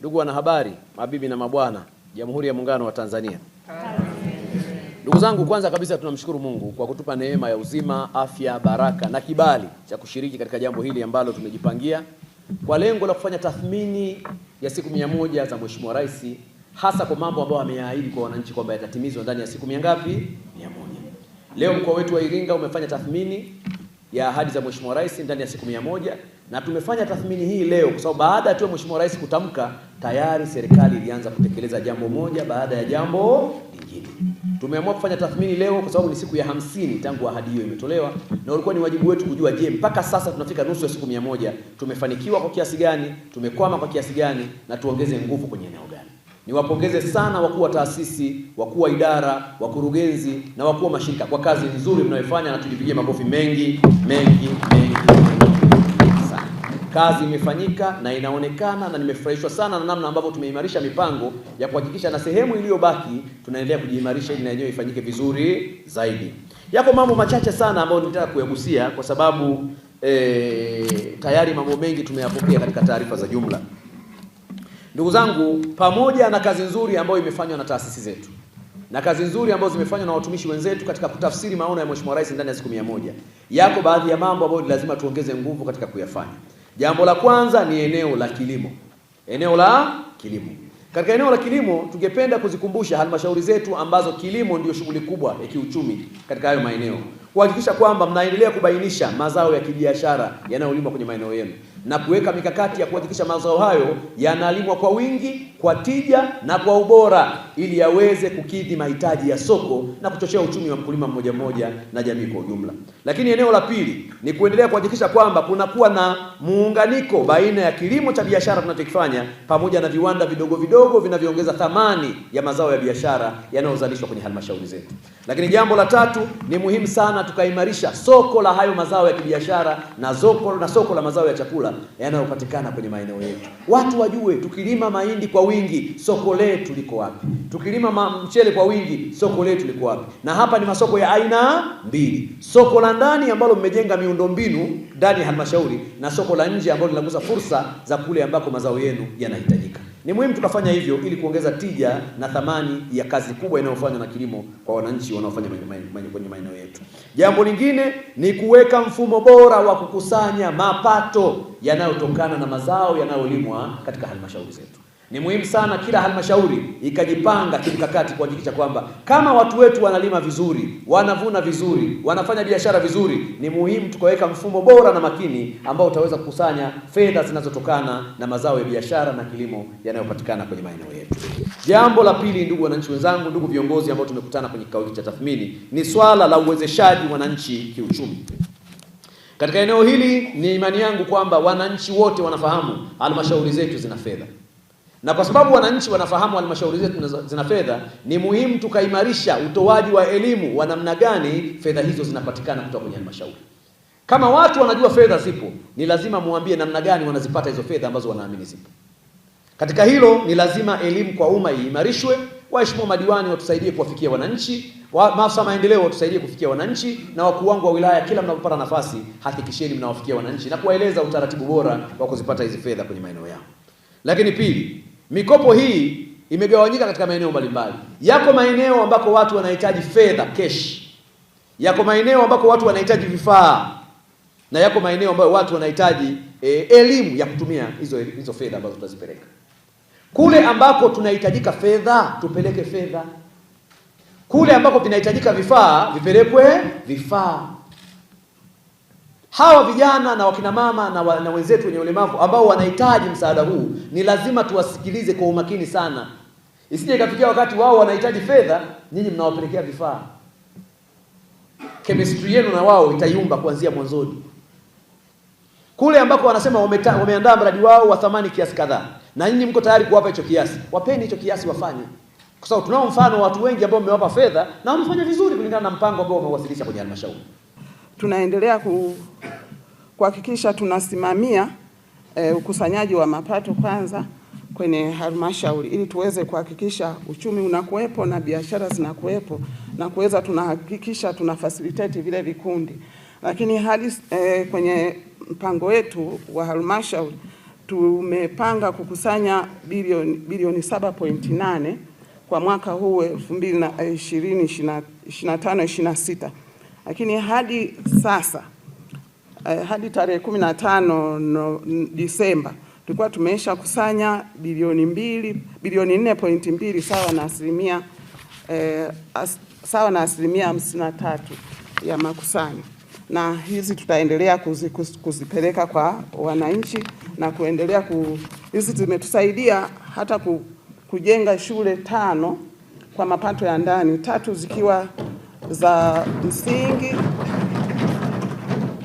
Ndugu wanahabari, mabibi na mabwana, Jamhuri ya Muungano wa Tanzania. Ndugu zangu, kwanza kabisa tunamshukuru Mungu kwa kutupa neema ya uzima, afya, baraka na kibali cha kushiriki katika jambo hili ambalo tumejipangia kwa lengo la kufanya tathmini ya siku mia moja za Mheshimiwa Rais, hasa kwa mambo ambayo ameyaahidi kwa wananchi kwamba yatatimizwa ndani ya siku mia ngapi? Mia moja. Leo mkoa wetu wa Iringa umefanya tathmini ya ahadi za Mheshimiwa Rais ndani ya siku mia moja na tumefanya tathmini hii leo kwa sababu baada ya tu Mheshimiwa Rais kutamka, tayari serikali ilianza kutekeleza jambo moja baada ya jambo lingine. Tumeamua kufanya tathmini leo kwa sababu ni siku ya hamsini tangu ahadi hiyo imetolewa, na ulikuwa ni wajibu wetu kujua, je, mpaka sasa tunafika nusu ya siku mia moja tumefanikiwa kwa kiasi gani, tumekwama kwa kiasi gani, na tuongeze nguvu kwenye eneo gani? Niwapongeze sana wakuu wa taasisi, wakuu wa idara, wakurugenzi na wakuu wa mashirika kwa kazi nzuri mnayofanya, na tujipigie makofi mengi mengi mengi. Kazi imefanyika na inaonekana, na nimefurahishwa sana na namna ambavyo tumeimarisha mipango ya kuhakikisha na sehemu iliyobaki tunaendelea kujiimarisha ili na yenyewe ifanyike vizuri zaidi. Yapo mambo machache sana ambayo nitaka kuyagusia kwa sababu e, tayari mambo mengi tumeyapokea katika taarifa za jumla. Ndugu zangu, pamoja na kazi nzuri ambayo imefanywa na taasisi zetu na kazi nzuri ambazo zimefanywa na watumishi wenzetu katika kutafsiri maono ya Mheshimiwa Rais ndani ya siku mia moja, yako baadhi ya mambo ambayo lazima tuongeze nguvu katika kuyafanya. Jambo la kwanza ni eneo la kilimo, eneo la kilimo. Katika eneo la kilimo, tungependa kuzikumbusha halmashauri zetu ambazo kilimo ndio shughuli kubwa ya kiuchumi katika hayo maeneo kuhakikisha kwamba mnaendelea kubainisha mazao ya kibiashara yanayolimwa kwenye maeneo yenu na kuweka mikakati ya kuhakikisha mazao hayo yanalimwa kwa wingi, kwa tija na kwa ubora, ili yaweze kukidhi mahitaji ya soko na kuchochea uchumi wa mkulima mmoja mmoja na jamii kwa ujumla. Lakini eneo la pili ni kuendelea kuhakikisha kwamba kunakuwa na muunganiko baina ya kilimo cha biashara tunachokifanya pamoja na viwanda vidogo vidogo vinavyoongeza thamani ya mazao ya biashara yanayozalishwa kwenye halmashauri zetu. Lakini jambo la tatu ni muhimu sana lazima tukaimarisha soko la hayo mazao ya kibiashara na soko, na soko la mazao ya chakula yanayopatikana kwenye maeneo yetu. Watu wajue tukilima mahindi kwa wingi soko letu liko wapi, tukilima mchele kwa wingi soko letu liko wapi. Na hapa ni masoko ya aina mbili, soko la ndani ambalo mmejenga miundombinu ndani ya halmashauri na soko la nje ambalo linagusa fursa za kule ambako mazao yenu yanahitaji. Ni muhimu tukafanya hivyo ili kuongeza tija na thamani ya kazi kubwa inayofanywa na kilimo kwa wananchi wanaofanya kwenye maeneo yetu. Jambo lingine ni kuweka mfumo bora wa kukusanya mapato yanayotokana na mazao yanayolimwa katika halmashauri zetu. Ni muhimu sana kila halmashauri ikajipanga kimkakati kuhakikisha kwamba kama watu wetu wanalima vizuri, wanavuna vizuri, wanafanya biashara vizuri, ni muhimu tukaweka mfumo bora na makini ambao utaweza kukusanya fedha zinazotokana na mazao ya biashara na kilimo yanayopatikana kwenye maeneo yetu. Jambo la pili, ndugu wananchi wenzangu, ndugu viongozi ambao tumekutana kwenye kikao hiki cha tathmini, ni swala la uwezeshaji wananchi kiuchumi. Katika eneo hili, ni imani yangu kwamba wananchi wote wanafahamu halmashauri zetu zina fedha na kwa sababu wananchi wanafahamu halmashauri zetu zina fedha, ni muhimu tukaimarisha utoaji wa elimu wa namna gani fedha hizo zinapatikana kutoka kwenye halmashauri. Kama watu wanajua fedha zipo, ni lazima muambie namna gani wanazipata hizo fedha ambazo wanaamini zipo. Katika hilo ni lazima elimu kwa umma iimarishwe. Waheshimiwa madiwani watusaidie kuwafikia wananchi, wa, maafisa maendeleo watusaidie kufikia wananchi, na wakuu wangu wa wilaya, kila mnapopata nafasi, hakikisheni mnawafikia wananchi na kuwaeleza utaratibu bora wa kuzipata hizi fedha kwenye maeneo yao. Lakini pili Mikopo hii imegawanyika katika maeneo mbalimbali. Yako maeneo ambako watu wanahitaji fedha cash, yako maeneo ambako watu wanahitaji vifaa, na yako maeneo ambayo watu wanahitaji e, elimu ya kutumia hizo hizo fedha ambazo tutazipeleka kule ambako tunahitajika fedha tupeleke fedha, kule ambako vinahitajika vifaa vipelekwe vifaa hawa vijana na wakina mama na, wa, na wenzetu wenye ulemavu ambao wanahitaji msaada huu, ni lazima tuwasikilize kwa umakini sana, isije ikafikia wakati wao wanahitaji fedha, nyinyi mnawapelekea vifaa. Chemistry yenu na wao itayumba kuanzia mwanzoni. Kule ambako wanasema wameandaa mradi wao wa thamani kiasi kadhaa, na nyinyi mko tayari kuwapa hicho kiasi, wapeni hicho kiasi wafanye, kwa sababu tunao mfano watu wengi ambao mmewapa fedha na wamefanya vizuri kulingana na mpango ambao wamewasilisha kwenye halmashauri tunaendelea kuhakikisha tunasimamia e, ukusanyaji wa mapato kwanza kwenye halmashauri ili tuweze kuhakikisha uchumi unakuwepo na biashara zinakuwepo na kuweza tunahakikisha tuna facilitate vile vikundi, lakini hadi e, kwenye mpango wetu wa halmashauri tumepanga kukusanya bilioni bilioni 7.8 kwa mwaka huu 2025 26 lakini hadi sasa eh, hadi tarehe kumi na tano no, Disemba tulikuwa tumesha kusanya bilioni mbili bilioni nne pointi mbili sawa na asilimia eh, as, sawa na asilimia hamsini na tatu ya makusanyo, na hizi tutaendelea kuzi, kuzipeleka kwa wananchi na kuendelea ku, hizi zimetusaidia hata ku, kujenga shule tano kwa mapato ya ndani, tatu zikiwa za msingi,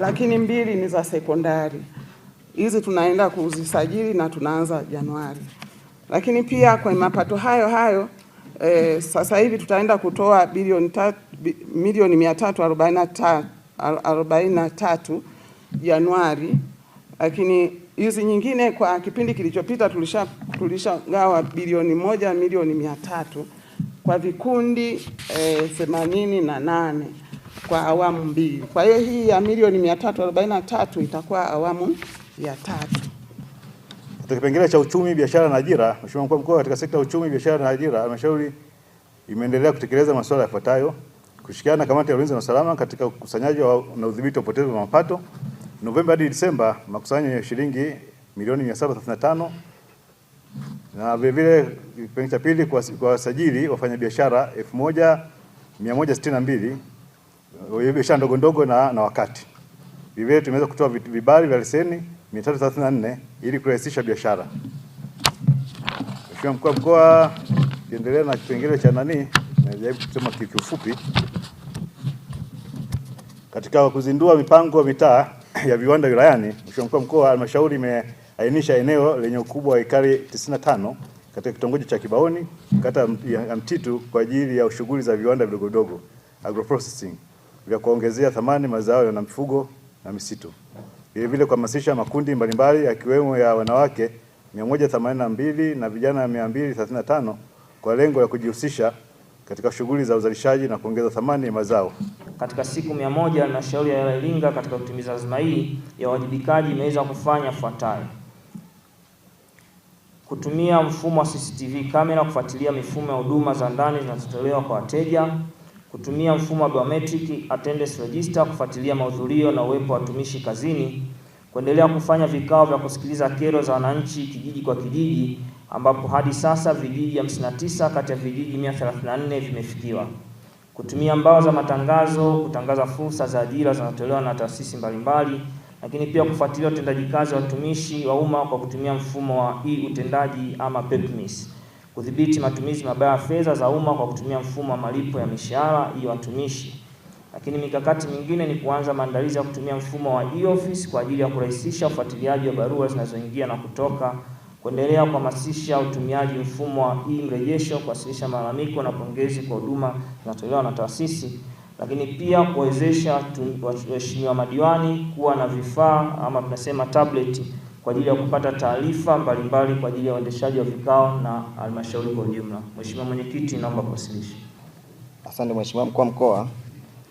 lakini mbili ni za sekondari. Hizi tunaenda kuzisajili na tunaanza Januari. Lakini pia kwa mapato hayo hayo e, sasa hivi tutaenda kutoa bilioni milioni mia tatu arobaini na tatu Januari, lakini hizi nyingine kwa kipindi kilichopita tulisha tulishagawa bilioni moja milioni mia tatu kwa vikundi eh, themanini na nane kwa awamu mbili. Kwa hiyo hii ya milioni 343 itakuwa awamu ya tatu. Katika kipengele cha uchumi, biashara na ajira, Mheshimiwa Mkuu wa Mkoa, katika sekta ya uchumi, biashara na ajira, halmashauri imeendelea kutekeleza masuala yafuatayo: kushirikiana na kamati ya ulinzi na usalama katika ukusanyaji na udhibiti wa upotevu wa mapato. Novemba hadi Disemba, makusanyo ya shilingi milioni 735 na vilevile kipengele cha pili kwa wasajili wafanyabiashara 1162 biashara ndogo ndogo na, na wakati. Vilevile tumeweza kutoa vibali vya leseni 334 ili kurahisisha biashara. Mheshimiwa mkuu wa mkoa, kiendelea na kipengele cha nani, najaribu kusema kiufupi katika kuzindua mipango ya mitaa ya viwanda wilayani. Mheshimiwa mkuu wa mkoa, halmashauri ime ainisha eneo lenye ukubwa wa ekari 95 katika kitongoji cha Kibaoni, kata ya Mtitu, kwa ajili ya shughuli za viwanda vidogodogo agroprocessing vya kuongezea thamani mazao na mifugo na misitu. Vilevile kuhamasisha makundi mbalimbali akiwemo ya wanawake 182 na vijana 235 kwa lengo la kujihusisha katika shughuli za uzalishaji na kuongeza thamani ya mazao. Katika siku mia moja halmashauri ya Iringa katika kutimiza azma hii ya uwajibikaji imeweza kufanya fuatayo kutumia mfumo wa CCTV kamera kufuatilia mifumo ya huduma za ndani zinazotolewa kwa wateja, kutumia mfumo wa biometric attendance register kufuatilia mahudhurio na uwepo wa watumishi kazini, kuendelea kufanya vikao vya kusikiliza kero za wananchi kijiji kwa kijiji, ambapo hadi sasa vijiji 59 kati ya vijiji 134 vimefikiwa, kutumia mbao za matangazo kutangaza fursa za ajira zinazotolewa na taasisi mbalimbali lakini pia kufuatilia utendaji kazi wa watumishi wa umma kwa kutumia mfumo wa e-utendaji ama PEPMIS, kudhibiti matumizi mabaya ya fedha za umma kwa kutumia mfumo wa malipo ya mishahara ya watumishi. Lakini mikakati mingine ni kuanza maandalizi ya kutumia mfumo wa e-office kwa ajili ya kurahisisha ufuatiliaji wa barua zinazoingia na kutoka, kuendelea kuhamasisha utumiaji mfumo wa e-mrejesho, kuwasilisha malalamiko na pongezi kwa huduma zinazotolewa na taasisi lakini pia kuwezesha waheshimiwa madiwani kuwa na vifaa ama tunasema tablet kwa ajili ya kupata taarifa mbalimbali kwa ajili ya uendeshaji wa vikao na halmashauri kwa ujumla. Mheshimiwa Mwenyekiti, naomba kuwasilisha. Asante Mheshimiwa Mkuu wa Mkoa,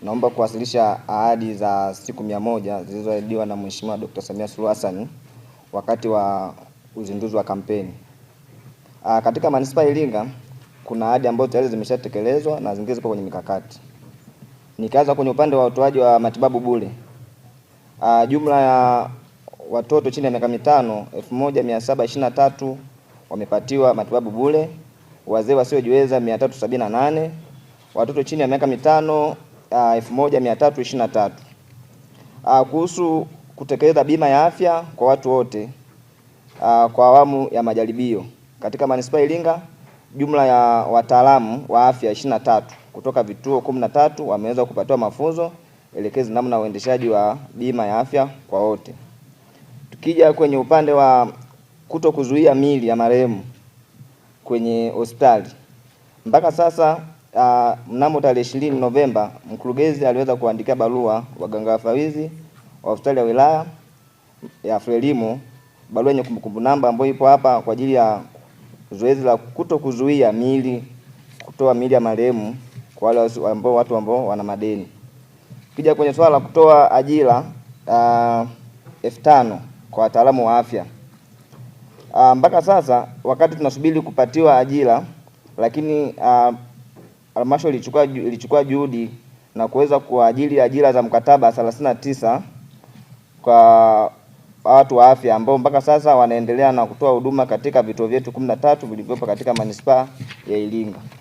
naomba kuwasilisha ahadi za siku mia moja zilizoahidiwa na Mheshimiwa Dr. Samia Suluhu Hassan wakati wa uzinduzi wa kampeni. Ah, katika manispaa Iringa kuna ahadi ambazo tayari zimeshatekelezwa na zingine zipo kwenye mikakati. Nikaanza kwenye upande wa utoaji wa matibabu bure. Uh, jumla ya watoto chini ya miaka mitano tatu wamepatiwa matibabu bure, wazee wasiojiweza nane watoto chini ya miaka mitano uh, 1323. Uh, kuhusu kutekeleza bima ya afya kwa watu wote uh, kwa awamu ya majaribio katika manispaa Iringa, jumla ya wataalamu wa afya tatu kutoka vituo kumi na tatu wameweza kupatiwa mafunzo elekezi namna uendeshaji wa bima ya afya kwa wote. Tukija kwenye upande wa kuto kuzuia mili ya marehemu kwenye hospitali mpaka sasa uh, mnamo tarehe ishirini Novemba mkurugenzi aliweza kuandikia barua waganga wafawidhi wa hospitali ya wilaya ya Frelimo, barua yenye kumbukumbu namba ambayo ipo hapa kwa ajili ya zoezi la kuto kuzuia mili kutoa mili ya marehemu kwa wale ambao watu ambao wana madeni. Kija kwenye swala la kutoa ajira ah, elfu uh, tano kwa wataalamu wa afya uh, mpaka sasa wakati tunasubiri kupatiwa ajira, lakini ah, halmashauri uh, ilichukua ilichukua juhudi na kuweza kuajiri ajira za mkataba thelathini na tisa kwa watu wa afya ambao mpaka sasa wanaendelea na kutoa huduma katika vituo vyetu kumi na tatu vilivyopo katika manispaa ya Iringa.